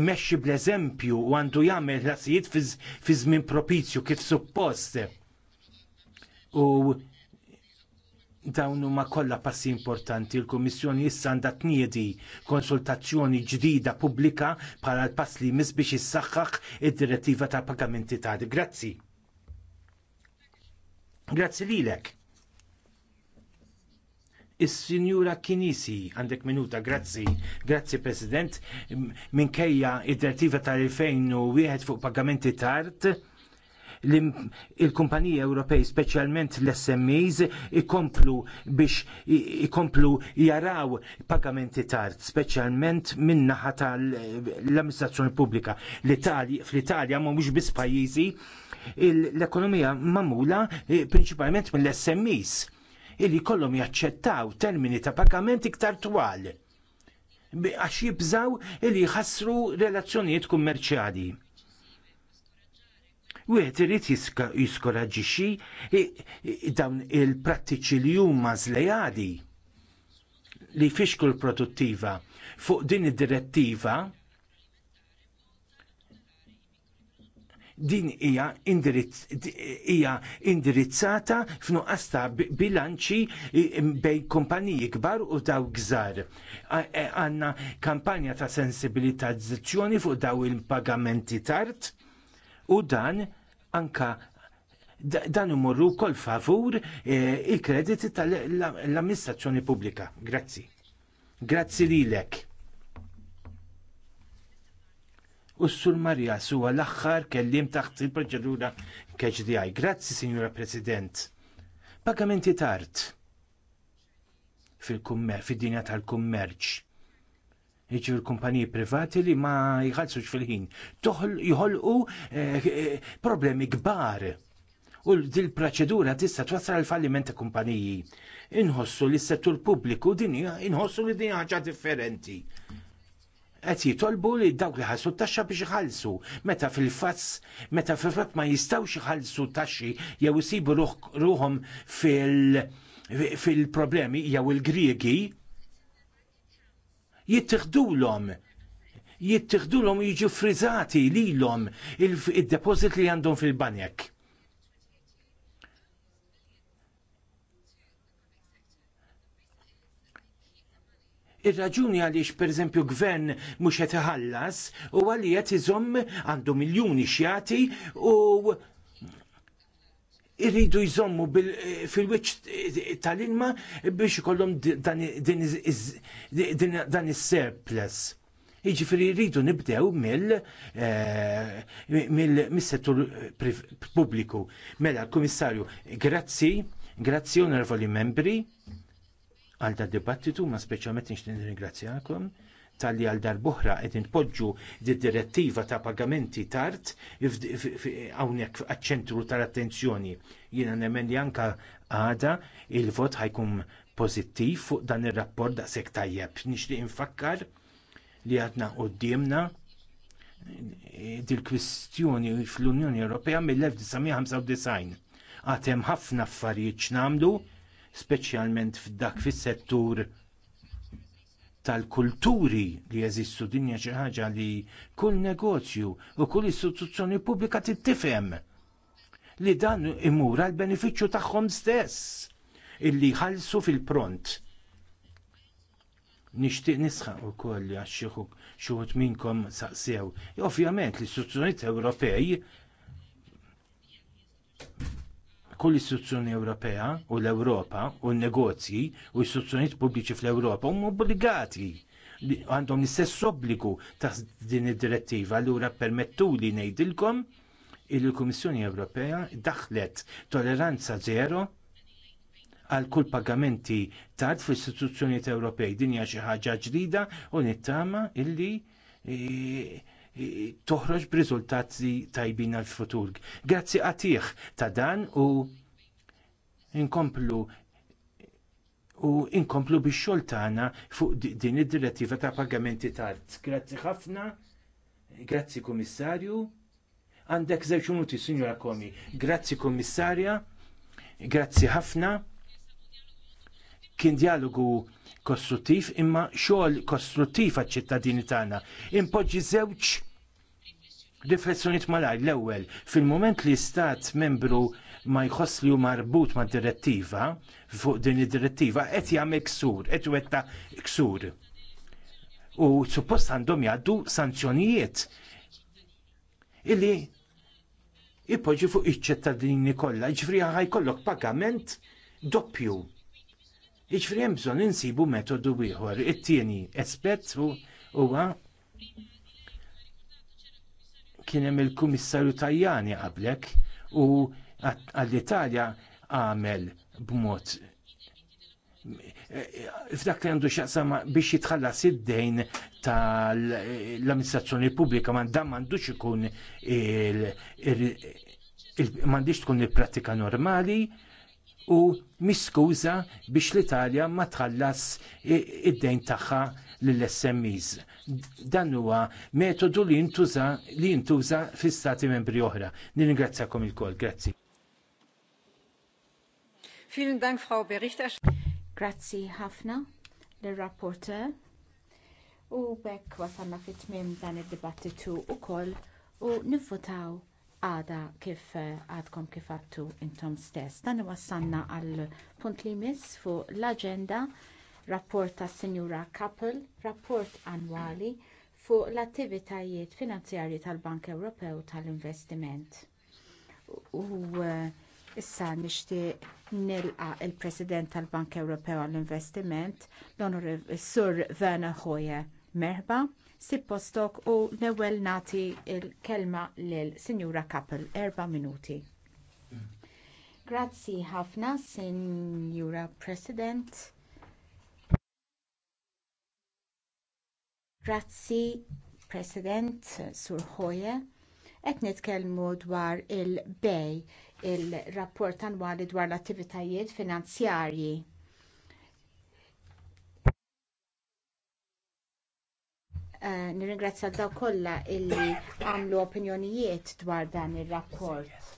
Speaker 2: imexxi bl-eżempju u għandu jagħmel rasijiet fi żmien propizju kif suppost. U dawn huma kollha passi importanti. Il-Kummissjoni issa għandha tniedi konsultazzjoni ġdida pubblika bħala l-pass li jmiss biex issaħħaħ id-direttiva tal pagamenti ta' Grazzi. Grazzi lilek. Is-Sinjura Kinisi, għandek minuta, grazzi, grazzi President, minkejja id-direttiva tal-2001 fuq pagamenti tard il-kumpaniji Ewropej, speċjalment l-SMEs, ikomplu biex ikomplu jaraw pagamenti tard, speċjalment min-naħa tal-amministrazzjoni pubblika. Fl-Italja ma mhux biss pajjiżi l-ekonomija mamula eh, prinċipalment mill-SMEs illi kollhom jaċċettaw termini ta' pagamenti iktar twal għax jibżaw illi jħassru relazzjonijiet kummerċjali Wieħed irid jiskoraġixxi dawn il-prattiċi li huma zlejadi li fixku l-produttiva fuq din id-direttiva din hija indirizzata f'nuqqas ta' bilanċi bejn kumpaniji kbar u daw gżar. E, għandna kampanja ta' sensibilitazzjoni fuq daw il-pagamenti tard u dan anka dan imorru wkoll favur eh, il-krediti tal-amministrazzjoni pubblika. Grazzi. Grazzi lilek. U s-sur Marja su l-axħar kellim taħt il-proċedura KHDI. Grazzi, Signora President. Pagamenti tard fil-dinja tal-kummerċ jiġu l-kumpaniji privati li ma jħalsux fil-ħin. Jħolqu eh, eh, problemi kbar. U dil proċedura tista twassal għal falliment ta' kumpaniji. Inħossu li s-settur pubbliku din inħossu li din ħaġa differenti qed jitolbu li dawk li ħassu taxxa biex ħalsu. meta fil fass meta fil-fatt ma jistgħux iħallsu taxxi jew isibu ruhom fil- fil-problemi jew il-Griegi jittihdulhom jittihdulhom jiġu frizzati lilhom il-deposit li għandhom fil-banek. Ir-raġuni għaliex pereżempju gvern mhux qed iħallas u għalli qed iżomm għandu miljuni xjati u irridu jżommu fil-wiċ tal-ilma biex ikollhom dan is-surplus. Jiġifieri jridu nibdew mill-settur eh, pubbliku. Mela, kummissarju, grazzi, grazzi onorevoli membri għal da dibattitu, ma speċjalment nix nirringrazzjakom tal-li għal darbuħra qed inpoġġu d direttiva ta' pagamenti tard hawnhekk għaċ-ċentru tal-attenzjoni. Jiena nemmen li anke għada il-vot ħajkun pożittiv fuq dan ir-rapport daqshekk tajjeb. Nixtieq infakkar li għadna qudiemna dil-kwistjoni fl-Unjoni Ewropea mill-1995. Għad hemm ħafna affarijiet x'namlu, speċjalment f'dak fis-settur tal-kulturi li jeżistu dinja xi ħaġa li kull negozju u kull istituzzjoni pubblika tittifhem li dan imur għal benefiċċju tagħhom stess illi jħallsu fil-pront. Nixtieq nisħaq ukoll għax xi xuħut minnkom saqsew. Ovvjament l-istituzzjonijiet Ewropej kull istituzzjoni Ewropea u l-Ewropa u n-negozji u istituzzjonijiet pubbliċi fl-Ewropa huma obbligati għandhom l-istess obbligu ta' din id-direttiva allura permettuli ngħidilkom il l-Kummissjoni Ewropea daħlet tolleranza zero għal kull pagamenti tard fl-istituzzjonijiet Ewropej. Din hija xi ħaġa ġdida u nittama illi eh, toħroġ b'riżultati tajbin għall futur Grazzi għatih ta' dan u inkomplu u inkomplu bix xogħol tagħna fuq din id-direttiva ta' pagamenti tard. Grazzi ħafna, grazzi Kummissarju. Għandek żewġ minuti, Sinjora Komi. Grazzi Kummissarja, grazzi ħafna. Kien dialogu kostruttiv imma xogħol kostruttiv għaċ-ċittadini tagħna. Impoġġi żewġ riflessjonijiet malajr l-ewwel fil-mument li stat membru ma jħossli u marbut mad direttiva fuq din id-direttiva qed jagħmel ksur, qed wetta ksur. U suppost għandhom jgħaddu sanzjonijiet illi ipoġġi fuq iċ-ċittadini kollha, ġifri ħajkollok pagament doppju Iġifieri hemm bżonn insibu metodu ieħor. It-tieni aspett huwa kien hemm il-Kummissarju Tajani qablek u għall-Italja għamel b'mod f'dak li għandu xaqsam biex jitħallas id-dejn tal-amministrazzjoni pubblika ma dan m'għandux ikun il, il, tkun il-prattika normali u miskuża biex l-Italja ma tħallas id-dejn tagħha lill-SMEs. Dan huwa metodu li jintuża li jintuża fi stati membri oħra. Nirringrazzjakom ilkoll, grazzi.
Speaker 3: Vielen Dank, Frau Berichterstatterin. Grazzi ħafna l-rapporter. U bekk wasalna fit-tmim dan id-dibattitu wkoll u nivvotaw għada kif eh, għadkom kif għattu intom stess. Dan wassanna għal punt li miss fuq l-agenda rapport tas Sinjura Kappel, rapport annwali fuq l-attivitajiet finanzjarji tal-Bank Ewropew tal-Investiment. U eh, issa nishti nilqa l president tal-Bank Ewropew għall-Investiment, l-Sur Werner Hoje Merħba sippostok u l-ewwel nagħti l kelma lil Sinjura Kappel erba' minuti. Grazzi ħafna, Sinjura President. Grazzi, President Sur Hoye. Qed nitkellmu dwar il-bej, il-rapport annwali dwar l-attivitajiet finanzjarji Eh, nirringrazzja daw kollha illi għamlu opinjonijiet dwar dan ir-rapport.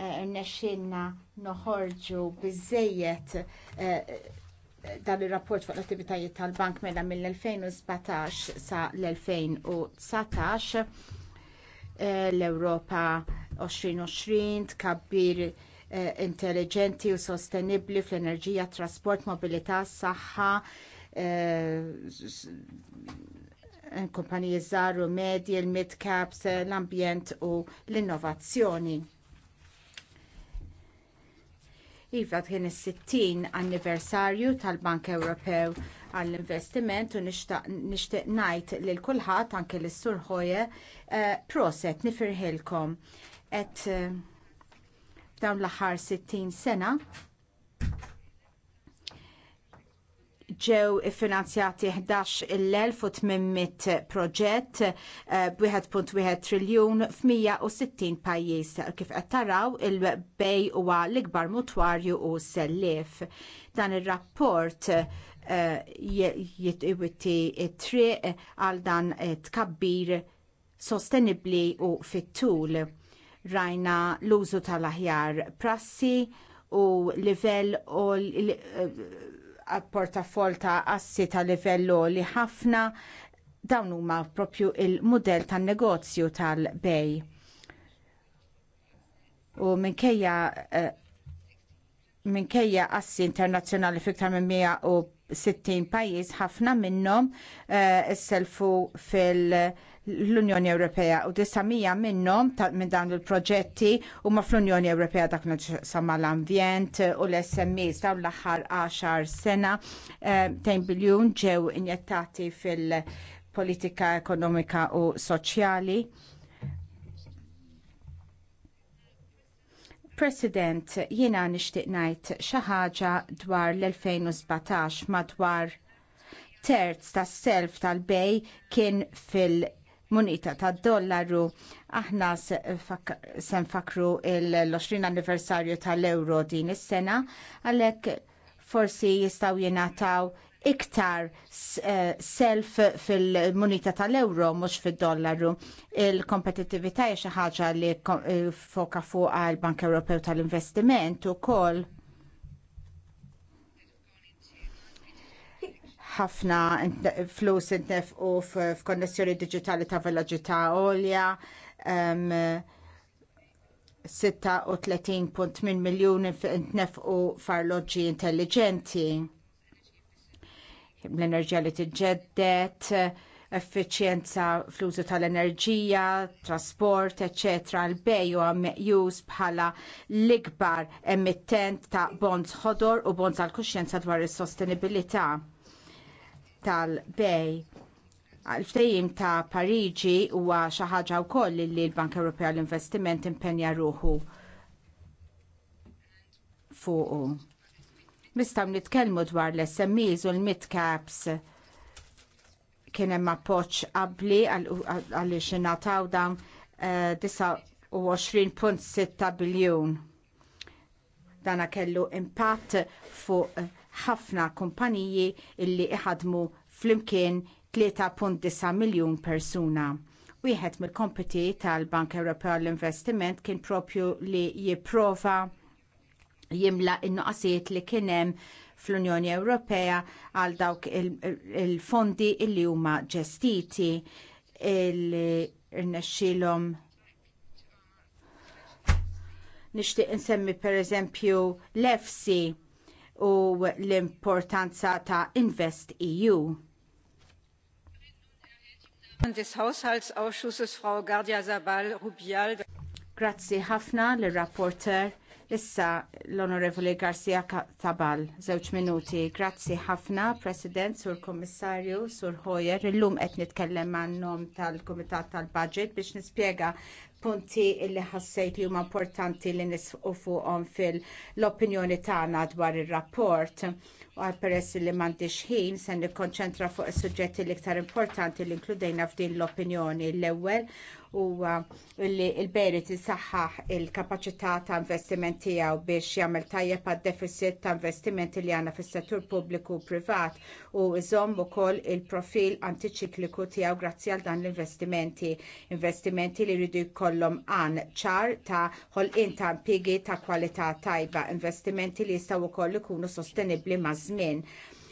Speaker 3: Eh, irnexxinna noħorġu biżżejjed eh, dan ir-rapport fuq l-attivitajiet tal-bank mela mill-2017 sa l-2019 l-Ewropa 2020 tkabbir intelligenti u sostenibbli fl-enerġija, trasport, mobilità, saħħa, kumpaniji żgħar u medji, il-mid caps, l-ambjent u l-innovazzjoni. Iva kien is-60 anniversarju tal-Bank Ewropew għall-investiment u nixtieq ngħid lil kulħadd anke lis sur Hoje eh, proset nifirħilkom. qed eh, dawn l-aħħar 60 sena ġew iffinanzjati 11,800 proġett eh, b'1.1 triljun f'160 pajjiż. Kif qed taraw il-bej huwa l-ikbar mutwarju u sellif. Dan ir-rapport eh, jitwitti triq għal dan tkabbir sostenibbli u fit-tul. Rajna l-użu tal-aħjar prassi u livell eh, portafoll ta' assi ta' livello li ħafna dawn huma propju il-modell tan-negozju tal-bej. U minkejja eh, minkejja assi internazzjonali fiktar minn 160 pajjiż ħafna minnhom eh, isselfu fil- l-Unjoni Ewropea u mija minnhom minn dan il-proġetti huma fl-Unjoni Ewropea dak sama l-ambjent u l-SMEs dawn l-aħħar 10 sena 10 eh, biljun ġew injettati fil-politika ekonomika u soċjali. President, jiena nixtieq ngħid xi ħaġa dwar l-2017 madwar terz tas-self tal-bej kien fil- munita ta' dollaru. Aħna sen fakru l-20 anniversarju tal-euro din is-sena, għalhekk forsi jistgħu jingħataw iktar eh, self fil-munita tal-euro mhux fid dollaru Il-kompetittività hija xi ħaġa li eh, foka fuqha l-Bank Ewropew tal-Investiment ukoll ħafna flus intefqu f'konnessjoni digitali ta' veloċità ta' olja. Um, 36.8 miljun intnefqu farloġġi intelligenti. L-enerġija li tiġġedded, effiċjenza fl-użu tal-enerġija, trasport, ecc. l-bej u meqjus bħala l-ikbar emittent ta' bonds ħodor u bonds għall kuxjenza dwar is-sostenibilità tal-bej. Għal-ftejim ta' Pariġi huwa xi ħaġa wkoll li l-Bank Ewropea l-Investiment impenja ruħu fuqu. Nistgħu nitkellmu dwar l-SMEs u l-midcaps kien hemm appoġġ qabbli għaliex ingħataw dawn 29.6 eh, biljun. Dana kellu impatt fuq ħafna kumpaniji illi iħadmu flimkien 3.9 miljun persuna. Wieħed mill kompeti tal-Bank Ewropew l-Investiment kien propju li jipprova jimla in nuqasijiet li kien hemm fl-Unjoni Ewropea għal dawk il-fondi il illi huma ġestiti illi rnexxilhom nixtieq insemmi pereżempju l-EFSI u l-importanza ta' Invest EU. Grazzi ħafna l rapporter Issa l-Onorevoli Garcia Tabal, żewġ minuti. Grazzi ħafna, President, Sur Kommissarju, Sur Hoyer. Illum qed nitkellem għannom tal-Kumitat tal-Budget biex nispjega punti li ħassejt li huma importanti li nisqu fuqhom fil-opinjoni tagħna dwar ir-rapport. Għal peress li m'għandix ħin se nikkonċentra fuq is-suġġetti l-iktar importanti li inkludejna f'din l-opinjoni l-ewwel huwa li l-beri tisaħħaħ il-kapaċità ta' investiment tiegħu biex jagħmel tajjeb għad-deficit ta' investimenti li għandna fis-settur pubbliku u privat u jżomm ukoll il-profil antiċikliku tiegħu grazzi għal dan l-investimenti. Investimenti li jridu jkollhom Kollhom għan ċar ta' ħolqien ta' impjiegi ta' kwalità tajba, investimenti li jistgħu wkoll ikunu sostenibbli maż-żmien.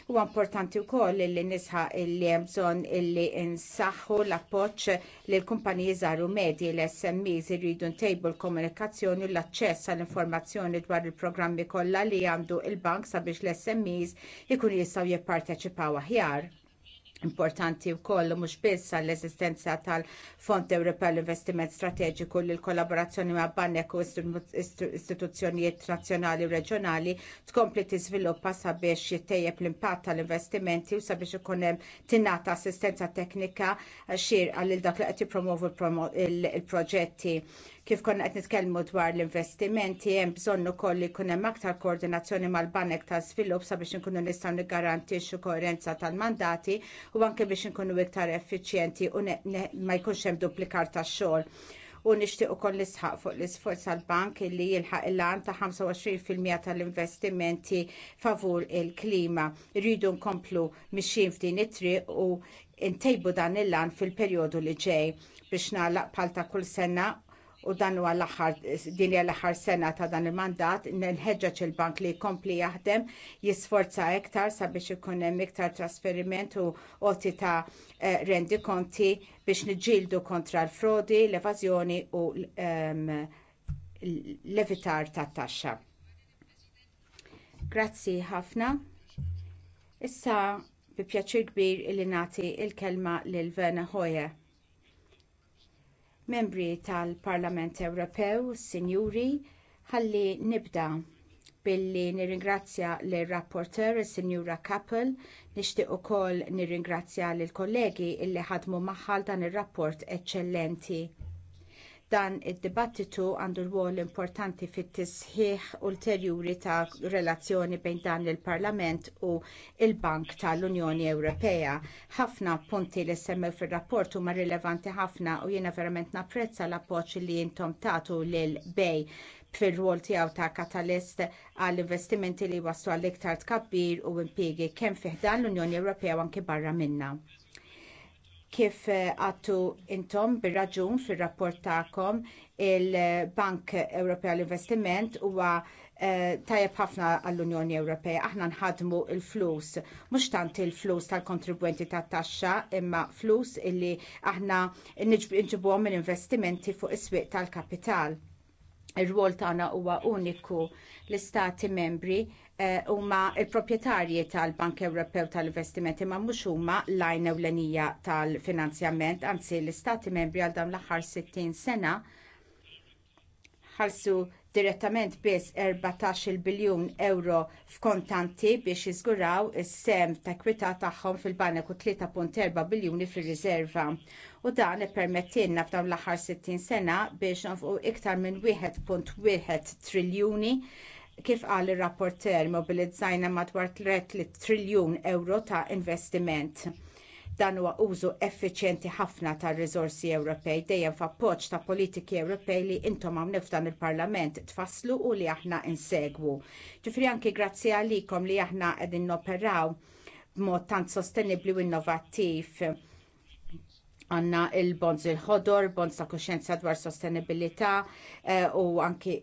Speaker 3: Huwa importanti wkoll li nisħa li hemm bżonn illi insaħħu l-appoġġ l kumpaniji żgħar u medji l SMEs iridu ntejbu l-komunikazzjoni u l-aċċess għall informazzjoni dwar il-programmi kollha li għandu l bank sabiex l-SMEs ikun jistgħu jipparteċipaw aħjar importanti wkoll mhux biss għall-esistenza tal-Fond Ewropew l-Investiment Strategiku li l-kollaborazzjoni ma' Bannek u istituzzjonijiet nazzjonali u reġjonali tkompli tiżviluppa sabiex jittejjeb l-impatt tal-investimenti u sabiex ikun hemm tingħata assistenza teknika xir lil dak li qed jippromovu il proġetti Kif konna qed nitkellmu dwar l-investimenti hemm bżonn ukoll li jkun hemm aktar koordinazzjoni mal-banek ta' żvilupp sabiex inkunu nistgħu niggarantixxu koerenza tal-mandati u anke biex inkunu iktar effiċjenti u ma jkunx hemm duplikar tax-xogħol u nixtieq ukoll nisħaq fuq l-isforz tal-bank li jilħaq il-lan ta' 25% tal-investimenti favur il-klima. Rridu nkomplu mixin f'din it-triq u ntejbu dan il-lan fil-perjodu li ġej biex nagħlaq palta kull sena u dan huwa l-aħħar din hija l-aħħar sena ta' dan il-mandat nħeġġeġ il-bank li jkompli jaħdem jisforza iktar sabiex ikun hemm iktar trasferiment u qoti ta' eh, rendi konti biex niġġieldu kontra l-frodi, l-evażjoni u ehm, l-evitar tat taxxa. Grazzi ħafna. Issa bi pjaċir kbir li nagħti l kelma lil vena Hoyer membri tal-Parlament Ewropew, Sinjuri, ħalli nibda billi nirringrazzja lir rapporteur is-Sinjura Kappel, nixtieq ukoll nirringrazzja lill kollegi illi ħadmu magħha dan ir-rapport eċċellenti. Dan id-dibattitu għandu rwol importanti fit-tisħiħ ulterjuri ta' relazzjoni bejn dan il-Parlament u l il bank tal-Unjoni Ewropea. Ħafna punti li semmew fir-rapport huma rilevanti ħafna u jiena verament napprezza l-appoġġ li intom tagħtu lil bej fir-rwol tiegħu ta' katalist għall investimenti li waslu għall iktar tkabbir u impjiegi kemm fih dan l-Unjoni Ewropea u anki barra minnha kif eh, għattu intom bir-raġun fir-rapport ta'kom il-Bank Ewropea l-Investiment huwa eh, tajjeb ħafna għall-Unjoni Ewropea. Aħna nħadmu l flus mhux tant il-flus tal-kontribwenti tat-taxxa, imma flus illi aħna għom minn investimenti fuq is-swieq tal-kapital ir-rwol tagħna huwa uniku l-istati membri eh, huma uh, l-proprjetarji tal-Bank Ewropew tal-Investimenti ma mhux huma l-għajn ewlenija tal-finanzjament, anzi l-istati membri għal dawn l-aħħar 60 sena ħalsu direttament biss 14 biljun euro f'kontanti biex jiżguraw is-sem ta' kwita tagħhom fil-banek u 3.4 biljuni fir-riserva. U dan ippermettilna f'dawn l-aħħar 60 sena biex nofqu iktar minn 1.1 triljuni kif qal ir-rapporter mobilizzajna madwar 3 triljun euro ta' investiment Dan huwa użu effiċjenti ħafna tar-riżorsi Ewropej dejjem f'appoġġ ta' politiki Ewropej li intom hawnhekk f'dan il-Parlament tfasslu u li aħna insegwu. Ġifri anki grazzi għalikom li aħna qegħdin noperaw b'mod tant sostenibbli u innovattiv għanna il-bonds il-ħodor, bonds ta' kuxenza dwar sostenibilità eh, u anki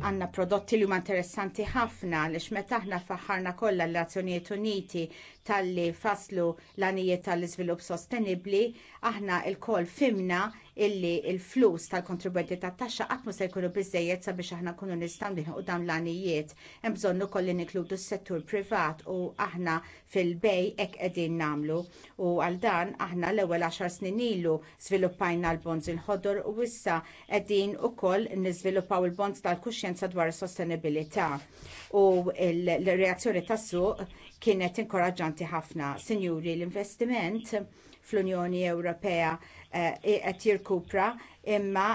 Speaker 3: għanna prodotti li huma interessanti ħafna għaliex meta aħna faħħarna kollha l-Azzjonijiet Uniti talli faslu l-anijiet tal-iżvilupp sostenibbli, aħna lkoll fimna illi l il flus tal-kontribwenti tat-taxxa qatt ma se jkunu biżżejjed sabiex aħna nkunu nistgħu nieħu dawn l-anijiet. Hemm bżonn ukoll li nikludu s-settur privat u aħna fil-bej hekk qegħdin nagħmlu. U għal dan aħna l-ewwel għaxar snin ilu żviluppajna l-bonds il-ħodor u issa qegħdin ukoll niżviluppaw il-bonds tal-kuxjenza dwar is-sostenibilità. U l-reazzjoni tas-suq kienet inkoraġġanti importanti ħafna. Sinjuri, l-investiment fl-Unjoni Ewropea eh, qed jirkupra imma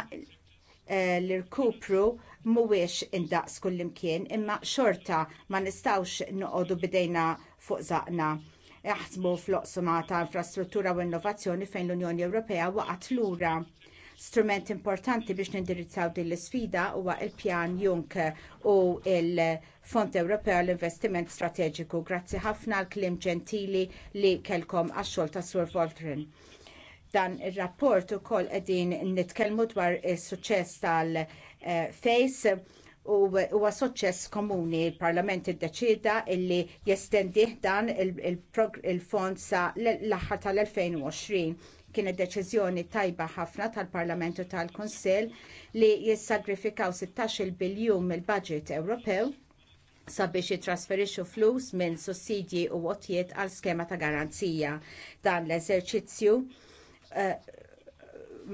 Speaker 3: eh, l-irkupru mhuwiex indaqs kullimkien imma xorta ma nistgħux noqogħdu bidejna fuq zaqna jaħsbu fl-oqsuma ta' infrastruttura u innovazzjoni fejn l-Unjoni Ewropea waqgħet lura. Strument importanti biex nindirizzaw din l isfida huwa l pjan Juncker u l- Fond Ewropew l-Investiment Strateġiku. Grazzi ħafna għal klim ġentili li kelkom għax-xogħol ta' Sur Voltrin dan ir-rapport ukoll qegħdin nitkellmu dwar is-suċċess tal-Face u huwa suċċess komuni il-Parlament iddeċida illi jestendih dan il-fond sa l-aħħar tal-2020 kienet deċiżjoni tajba ħafna tal-Parlamentu tal-Kunsill li jissagrifikaw 16 biljum mill-budget Ewropew sabiex jitrasferixxu flus minn sussidji u għotjiet għal skema ta' garanzija. Dan l-eżerċizzju eh,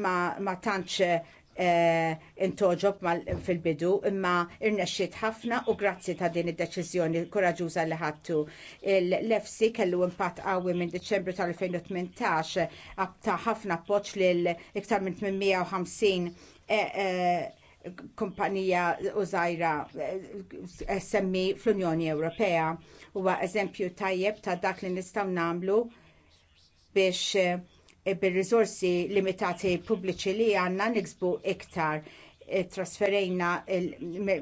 Speaker 3: ma, ma tantx eh, intoġob fil-bidu imma irnexxiet ħafna u grazzi ta' din id-deċiżjoni kuraġuża li ħadtu. L-EFSI kellu impatt qawwi minn Diċembru tal-2018 ta' ħafna appoġġ lil iktar minn 850 kumpanija u żgħira eh, SMI e fl-Unjoni Ewropea huwa eżempju tajjeb ta' dak li nistgħu nagħmlu biex eh, bil-rizorsi limitati pubbliċi li għandna niksbu iktar trasferejna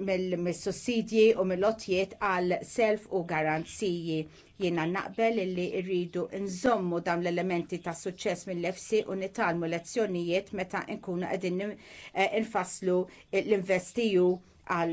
Speaker 3: mill-sussidji u mill-lotjiet għal self u garanziji. Jiena naqbel li rridu nżommu dawn l-elementi ta' suċċess mill lefsi u nitalmu lezzjonijiet meta nkunu qegħdin eh, infasslu l-investiju għal